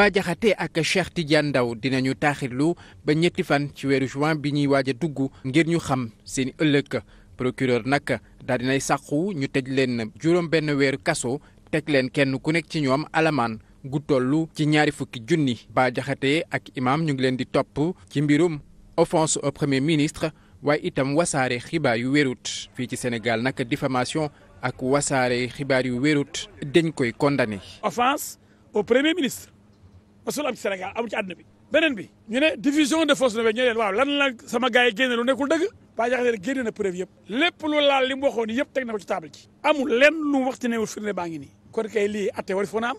Bah Diakhaté ak Cheikh Tidiane ndaw dinañu taaxirlu ba ñetti fan ci weeru juin bi ñuy waaj a dugg ngir ñu xam seen ëllëg procureur nag daal dinay sàqu ñu tej leen juróom benn weeru kaso teg leen kenn ku nekk ci ñoom alamaan gu tollu ci ñaari fukki junni Bah ak imaam ñu ngi leen di topp ci mbirum offense au premier ministre waaye itam wasaare xibaar yu wérut fii ci Sénégal nag diffamation ak wasaare xibaar yu wérut dañ koy condamné mosul am ci Sénégal amul ci àdduna bi beneen bi ñu ne diffusion de fausses nouvelles ñu leen waaw lan la sama gaa yi génne lu nekkul dëgg Bah Diakhaté ne génne na yëpp lépp lu laal li mu waxoon yëpp teg na ko ci table ci amul lenn lu mu wax ci newul firnde baa ngi nii kon kay lii atte war foo na am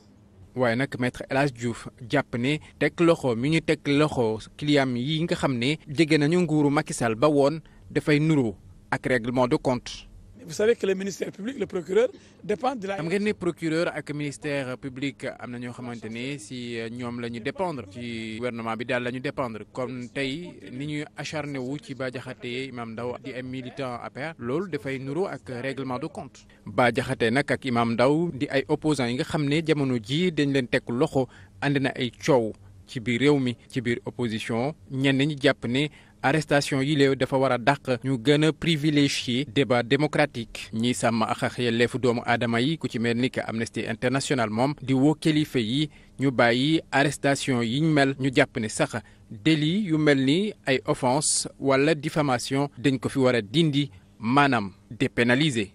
waaye nag maître El Hadj Diouf jàpp ne teg loxo mi ñu teg loxo client yi nga xam ne jege nañu nguuru Macky Sall ba woon dafay nuru ak règlement de compte vous savez que le ministère public le procureur dépend de la. xam ngeen ne procureur ak ministère public am na ñoo xamante ne si euh, ñoom la ñu dépendre ci gouvernement bi daal la ñu dépendre kon tey ni ñuy acharné wu ci Bah Diakhaté Imam Ndao di ay militant APR loolu dafay nuro ak règlement de compte. Bah Diakhaté nag ak Imam ndaw di ay opposants yi nga xam ne jamono jii dañ leen teg loxo indi na ay coow ci biir réew mi ci biir opposition ñenn ñi jàpp arrestation yi léew dafa war a dàq ñu gën a privilégier débat démocratique ñiy sàmm ak ak yelleefu doomu aadama yi ku ci mel ni que Amnesty International moom di woo kilifa yi ñu bàyyi arrestation ñu mel ñu jàpp ne sax délit yu mel ni ay offense wala diffamation dañ ko fi war a dindi maanaam dépénaliser